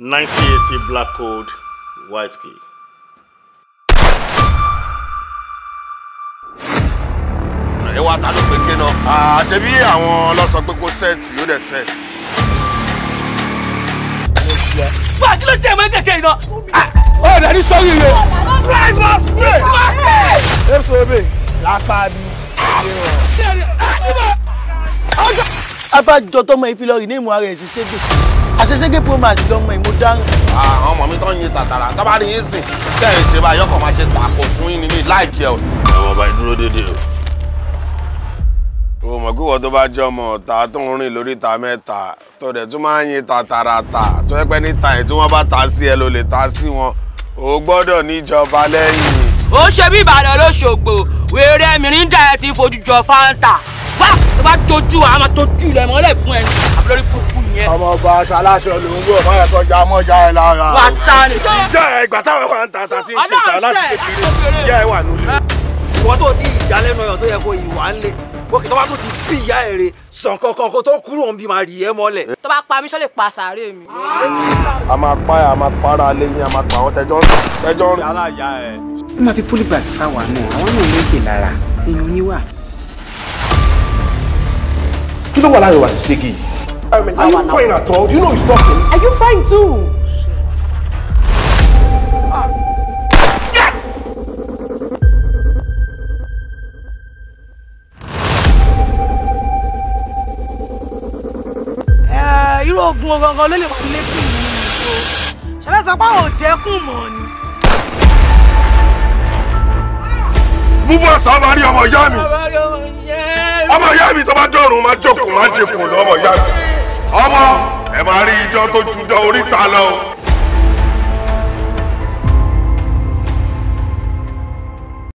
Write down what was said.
1980 black code white key. ẹ wá ta ló pé ké náà ṣe bí àwọn ọlọ́sọ pé sẹ́ẹ̀tì ó dẹ̀ sẹ́ẹ̀tì. wá kí ló ṣe ìmọ̀ kẹ̀kẹ́ iná. ó rẹ̀ ní sọ́yìn yìí. price must pay. èso mi lápá mi abájọ tọmọ yìí fi lọ rìn ní ìmú ara ẹ̀ sí ségbè promax lọmọ yìí mo ah, àwọn ọmọ mi tó yin tàtàrà tó rí yín sìn tẹ́ ẹ̀ ṣe báyọ̀ kan máa ṣe tààkò fún yín nínú láìkí ẹ̀ àwọn ọba ìdúró dédé o. o mọ̀ kí tó bá jẹ́ ọmọ ọ̀tá tó ń rìn lórí ìta mẹ́ta tó dẹ̀ tún máa ń yin tàtàrà tà tó yẹ pé níta ẹ̀ tí wọ́n bá ta sí ẹ ló lè ta sí wọn o gbọ́dọ̀ níjọba lẹ́yìn. ó ṣe bí Ìbàdàn lóṣogbo wèrè mìíràn dà ti fojú jọ fáńtà tójú a máa tójú rẹ mọ́lẹ̀ fún ẹ àbúrò kúkú yẹn. ọmọ ọba aṣọ aláṣọ ló ń wọ ọmọ ẹ kọjá mọjá ẹ lára. wà á ti ta ni. iṣẹ́ ìgbà táwọn kan ń ta tàtí ń ṣètà láti kékeré ìyá ẹ wà nílé. ìwọ tó ti ìjà lẹ́nu ọyàn tó yẹ kó ìwà ń lé bókè tó bá tó ti bí ìyá ẹ rè sàn kankan kó tó kúrò ń bí máa rì ẹ mọ́lẹ̀. tó bá pa mí sọ́lẹ̀ pa sàárè mi. a máa pa ẹ a máa para lẹ́yìn a máa pa àwọn tẹjọ́ tẹjọ́. wọ́n máa fi pólíbà fáwọn náà àwọn náà méjì lára èèyàn yín wà kí ló wà láàrin wa ṣe gí. Are you fine at all? Do you know he's talking? Are you fine too? irú ogun gangan ló lè wà nílé kí ni o ṣẹlẹ sọ pé ò dẹkùn mọ ni. move on sábà rí ọmọ ìyá mi ọmọ ìyá mi tó ọlọ́run má jókòó má dèkò lọ́mọ yá mi ọmọ ẹ máa rí ijọ́ tó ju oríta lọ.